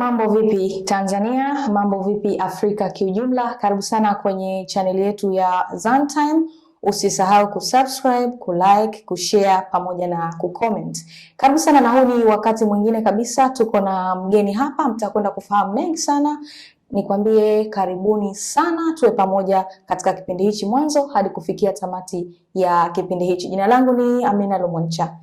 Mambo vipi Tanzania? Mambo vipi Afrika kiujumla? Karibu sana kwenye chaneli yetu ya Zantime. Usisahau kusubscribe, kulike, kushare pamoja na kucomment. Karibu sana, na huu ni wakati mwingine kabisa, tuko na mgeni hapa, mtakwenda kufahamu mengi sana. Nikwambie karibuni sana, tuwe pamoja katika kipindi hichi mwanzo hadi kufikia tamati ya kipindi hichi. Jina langu ni Amina Lumwancha.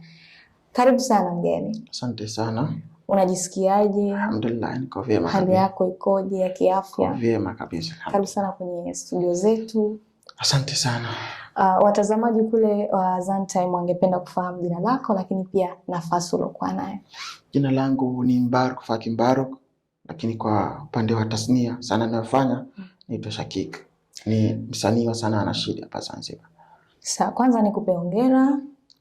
Karibu sana mgeni. Asante sana. Unajisikiaje? Alhamdulillah, niko vyema. Hali yako ikoje ya kiafya? Vyema kabisa. Karibu sana kwenye studio zetu. Asante sana. Uh, watazamaji kule wa uh, Zantime wangependa kufahamu jina lako, lakini pia nafasi uliokuwa nayo. Jina langu ni Mbaruk Faki Mbaruk, lakini kwa upande wa tasnia sana ninayofanya naitwa Shakik, ni msanii wa sanaa na shida hapa Zanzibar. Sa, kwanza nikupe hongera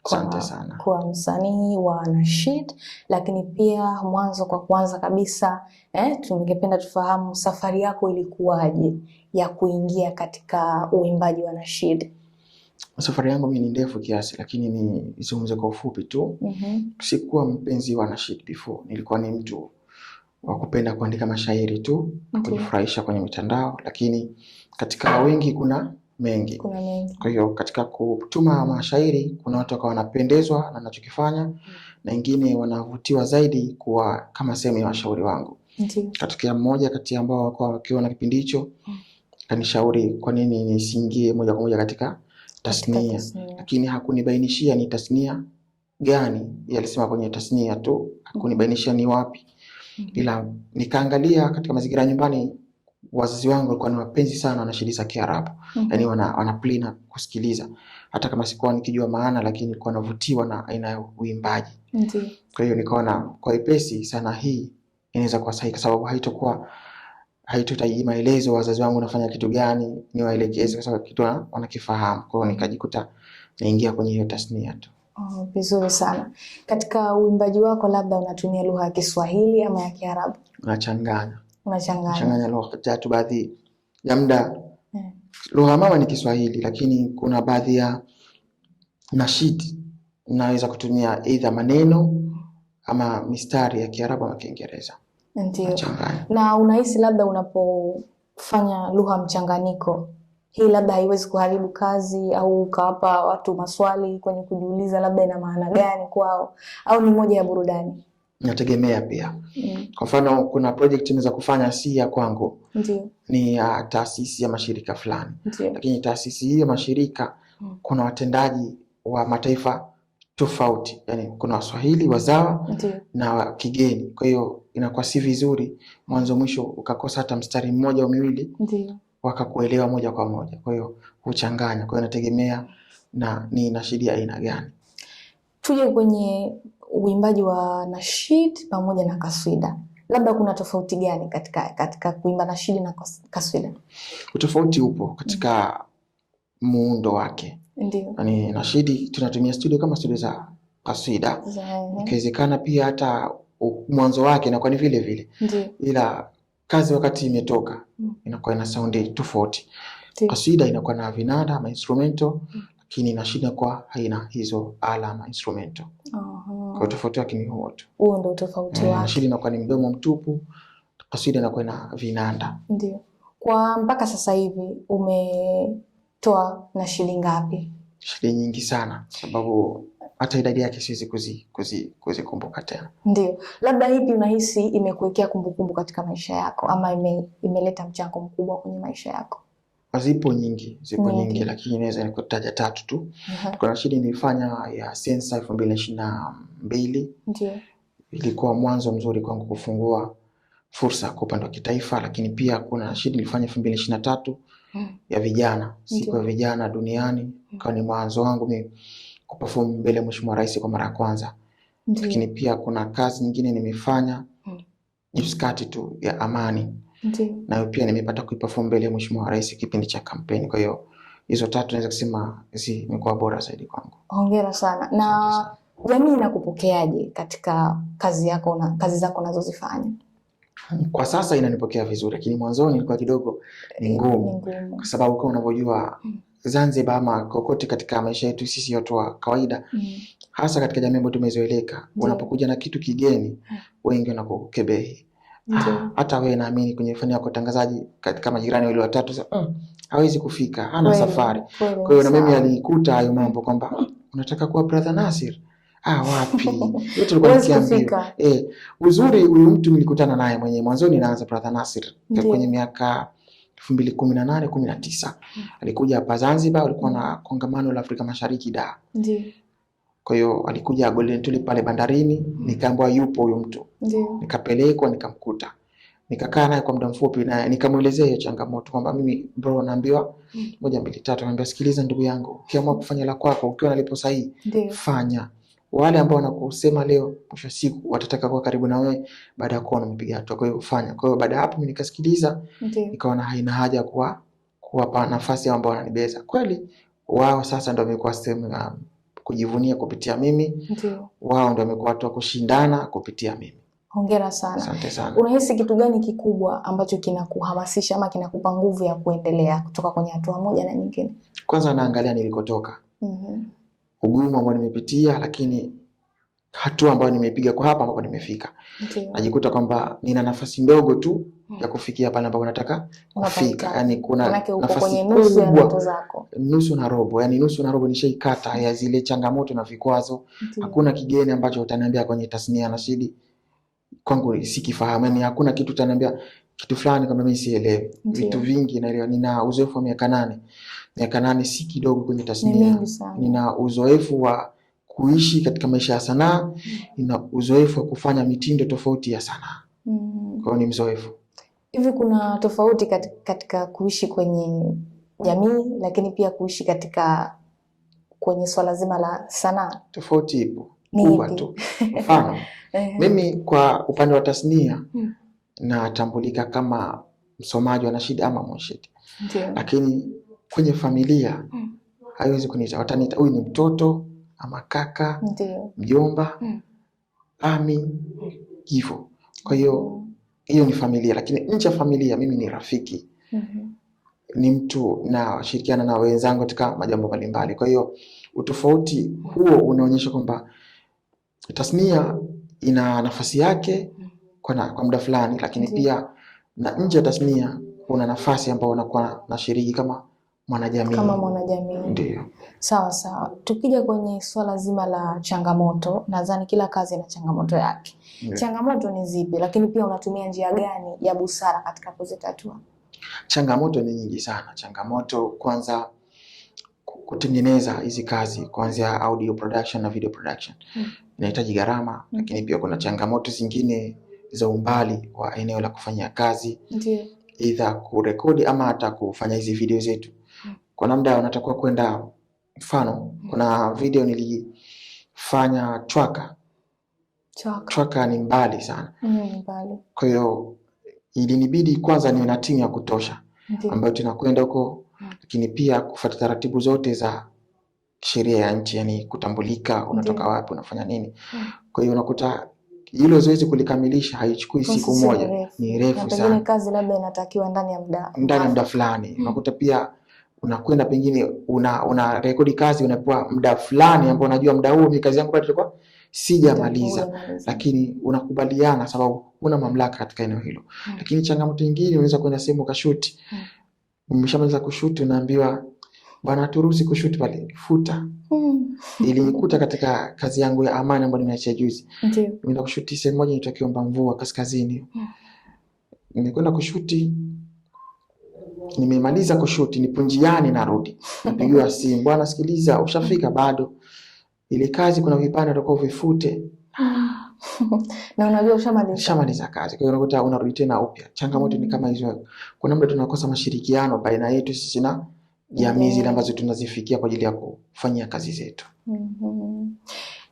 kwa, kwa msanii wa Nasheed, lakini pia mwanzo kwa kwanza kabisa eh, tungependa tufahamu safari yako ilikuwaje ya kuingia katika uimbaji wa Nasheed. Safari yangu mimi ni ndefu kiasi, lakini nizungumze kwa ufupi tu. mm -hmm. Sikuwa mpenzi wa Nasheed before, nilikuwa ni mtu wa kupenda kuandika mashairi tu, okay. kujifurahisha kwenye mitandao, lakini katika wengi kuna mengi. Kuna mengi. Kwa hiyo katika kutuma mm. mashairi kuna watu wakawa wanapendezwa na ninachokifanya mm. na wengine wanavutiwa zaidi kuwa kama sehemu ya washauri wangu. Katokea mmoja kati ambao walikuwa wakiona kipindi hicho mm. kanishauri kwa nini nisiingie moja kwa moja katika tasnia, lakini hakunibainishia ni tasnia gani, alisema kwenye tasnia tu, hakunibainishia ni wapi, mm. ila nikaangalia katika mazingira nyumbani wazazi wangu walikuwa ni wapenzi sana na shairi za Kiarabu. Mm -hmm. Yani wana, wana play na kusikiliza hata kama sikuwa nikijua maana, lakini nilikuwa navutiwa na aina ya uimbaji. Ndio. Kwa hiyo nikaona kwa ipesi sana hii inaweza kuwa sahihi kwa sababu haitokuwa haitotaji maelezo wazazi wangu nafanya kitu gani niwaelekeze, kwa sababu kitu wanakifahamu. Kwa hiyo nikajikuta naingia kwenye hiyo tasnia tu. Oh, vizuri sana. Katika uimbaji wako labda unatumia lugha ya Kiswahili ama ya Kiarabu? Nachanganya unachanganya lugha tatu baadhi ya muda. Yeah. Lugha mama ni Kiswahili, lakini kuna baadhi ya nashidi naweza kutumia aidha maneno ama mistari ya Kiarabu ama Kiingereza. Ndio. Na unahisi labda unapofanya lugha mchanganyiko hii labda haiwezi kuharibu kazi au ukawapa watu maswali kwenye kujiuliza labda ina maana gani kwao, au ni moja ya burudani? Nategemea pia mm. Kwa mfano kuna project naweza kufanya si ya kwangu Ndiyo. ni uh, taasisi ya mashirika fulani, lakini taasisi hiyo mashirika mm. kuna watendaji wa mataifa tofauti, yani kuna Waswahili wazawa Ndiyo. na kigeni. Kwa hiyo inakuwa si vizuri mwanzo mwisho ukakosa hata mstari mmoja au miwili wakakuelewa moja kwa moja, kwa hiyo huchanganya. Kwa hiyo nategemea na ni na shida aina gani. Tuje kwenye uimbaji wa nashid pamoja na kaswida, labda kuna tofauti gani katika, katika kuimba nashidi na kaswida? Utofauti upo katika muundo wake, ndio yani nashidi tunatumia studio kama studio za kaswida, eh. ikiwezekana pia hata mwanzo wake inakuwa ni vile vile, ila kazi wakati imetoka mm. inakuwa ina saundi tofauti. Kaswida inakuwa na vinada ama instrumento, mm. lakini nashidi inakuwa haina hizo ala ama instrumento. uh kwa tofauti yake ni huo tu. Huo ndio tofauti eh, wake. Mm, Rashid inakuwa ni mdomo mtupu, kaswida inakuwa na vinanda. Ndio. Kwa mpaka sasa hivi umetoa na shilingi ngapi? Shilingi nyingi sana sababu hata idadi yake siwezi kuzikumbuka kuzi, kuzi tena. Ndio, labda hivi unahisi imekuwekea kumbukumbu katika maisha yako ama ime, imeleta mchango mkubwa kwenye maisha yako? Zipo nyingi, zipo nyingi, nyingi lakini naweza nikutaja tatu tu. uh -huh. Kuna shida nilifanya ya sensa elfu mbili na ishirini na mbili. Ndiyo. Ilikuwa mwanzo mzuri kwangu kufungua fursa kwa upande wa kitaifa, lakini pia kuna shida ilifanya na tatu hmm. ya vijana, siku ya vijana duniani mm. kwa ni mwanzo wangu mimi kuperform mbele mheshimiwa rais kwa mara ya kwanza. Ndiyo. Lakini pia kuna kazi nyingine nimefanya mm. tu ya amani. Ndiyo. Nayo pia nimepata kuiperform mbele mheshimiwa rais kipindi cha kampeni, kwa hiyo hizo tatu naweza kusema zimekuwa bora zaidi kwangu. Hongera sana na jamii inakupokeaje katika kazi yako na kazi zako unazozifanya? Kwa sasa inanipokea vizuri, lakini mwanzoni ilikuwa kidogo eh, ni ngumu, kwa sababu kama unavyojua mm. Zanzibar ama kokote katika maisha yetu sisi watu wa kawaida mm. hasa katika jamii ambayo tumezoeleka, unapokuja na kitu kigeni mm. wengi wanakukebehi. Ah, hata wewe naamini kwenye fani ya kutangazaji katika majirani wale watatu mm. hawezi kufika, hana safari. Kwa hiyo na mimi alikuta hayo mambo mm. kwamba unataka kuwa brother Nasir Ah, wapi yote ulikuwa tulikuwa eh, uzuri huyu mm. mtu nilikutana naye mwenyewe mwanzoni, naanza brother Nasir kwenye miaka 2018 19 mm. alikuja hapa Zanzibar, alikuwa na kongamano la Afrika Mashariki da kwa hiyo alikuja Golden Tulip pale bandarini, mm. nikaambiwa yupo huyu mtu, nikapelekwa nikamkuta, nikakaa naye kwa muda mfupi, na nikamwelezea hiyo changamoto kwamba mimi bro, naambiwa mm. moja mbili tatu. naambiwa sikiliza ndugu yangu, ukiamua kufanya la kwako ukiwa nalipo sahihi fanya wale ambao wanakusema leo, mwisho siku watataka kuwa karibu na wewe baada ya kuona umepiga hatua. Kwa hiyo ufanya. Kwa hiyo baada hapo mimi nikasikiliza, nikaona haina haja kuwa kuwapa nafasi ambao wananibeza. Kweli wao sasa ndio wamekuwa sehemu ya kujivunia kupitia mimi. Ndiyo. Wao ndio wamekuwa watu wa kushindana kupitia mimi. Hongera sana. Asante sana. Unahisi kitu gani kikubwa ambacho kinakuhamasisha ama kinakupa nguvu ya kuendelea kutoka kwenye hatua moja na nyingine? Kwanza naangalia nilikotoka. Mhm. Mm ugumu ambao nimepitia, lakini hatua ambayo nimepiga kwa hapa ambapo nimefika, najikuta kwamba nina nafasi ndogo tu hmm. ya kufikia pale ambapo nataka kufika. Yani kuna nafasi kubwa, nusu na robo, yani nusu na robo nishaikata ya zile changamoto na vikwazo. Hakuna kigeni ambacho utaniambia kwenye tasnia ya Nashidi kwangu sikifahamu, yani hakuna kitu utaniambia kitu fulani kama mimi sielewi vitu vingi, naelewa. Nina uzoefu wa miaka nane. Miaka nane si kidogo kwenye tasnia. Nina uzoefu wa kuishi katika maisha ya sanaa, mm. nina uzoefu wa kufanya mitindo tofauti ya sanaa mm. Kwa hiyo ni mzoefu. Hivi kuna tofauti katika kuishi kwenye jamii, lakini pia kuishi katika kwenye swala zima la sanaa? Tofauti ipo kubwa tu. Mfano mimi kwa upande wa tasnia mm natambulika kama msomaji ana shida ama mwanashida, lakini kwenye familia mm. haiwezi kuniita, wataniita huyu ni mtoto ama kaka Ndiyo. mjomba mm. ami hivyo. Kwa hiyo hiyo ni familia, lakini nje ya familia mimi ni rafiki mm -hmm. ni mtu nashirikiana na wenzangu katika majambo mbalimbali. Kwa hiyo utofauti huo unaonyesha kwamba tasnia ina nafasi yake mm kwa, kwa muda fulani, lakini pia na nje ya tasnia kuna nafasi ambayo unakuwa shiriki kama mwanajamii kama mwanajamii. Ndio, sawa sawa. Tukija kwenye swala zima la changamoto, nadhani kila kazi ina changamoto yake. Ndiyo. changamoto ni zipi, lakini pia unatumia njia gani ya busara katika kuzitatua? Changamoto ni nyingi sana. Changamoto kwanza kutengeneza hizi kazi kuanzia audio production na video production hmm. inahitaji gharama, lakini hmm. pia kuna changamoto zingine za umbali wa eneo la kufanyia kazi, ndio idha kurekodi ama hata kufanya hizi video zetu kwa namna unatakiwa kwenda. Mfano, kuna video nilifanya Chwaka. Chwaka, Chwaka ni mbali sana, mm, mbali. Kwa hiyo ilinibidi kwanza niwe na timu ya kutosha ambayo tunakwenda huko, mm. lakini pia kufuata taratibu zote za sheria ya nchi, yani kutambulika, unatoka wapi, unafanya nini. Mm. Kwa hiyo unakuta hilo zoezi kulikamilisha haichukui siku moja, ni refu sana. Kazi labda inatakiwa ndani ya muda ndani ya muda fulani, mm. unakuta mm. pia unakwenda pengine una, una rekodi kazi unapewa muda fulani ambao mm. unajua muda huo mimi kazi yangu bado ilikuwa sijamaliza, lakini unakubaliana sababu una mamlaka katika eneo hilo mm. Lakini changamoto nyingine unaweza kwenda sehemu ukashuti umeshamaliza kushuti unaambiwa Bwana turuhusi kushuti pale futa. Mm. Ilinikuta katika kazi yangu ya amani ambayo nimeacha juzi. Ndio. Nimeenda kushuti sehemu moja inaitwa Kiomba Mvua kaskazini. Mm. Nimekwenda kushuti. Nimemaliza kushuti, nipo njiani narudi. Nipigiwa simu, bwana sikiliza, ushafika bado? Ile kazi kuna vipande utakuwa vifute Na unajua ushamaliza. Ushamaliza kazi. Kwa hiyo unakuta unarudi tena upya. Changamoto ni kama hizo. Kuna muda tunakosa mashirikiano baina yetu sisi na jamii zile ambazo tunazifikia kwa ajili ya kufanyia kazi zetu. mm -hmm.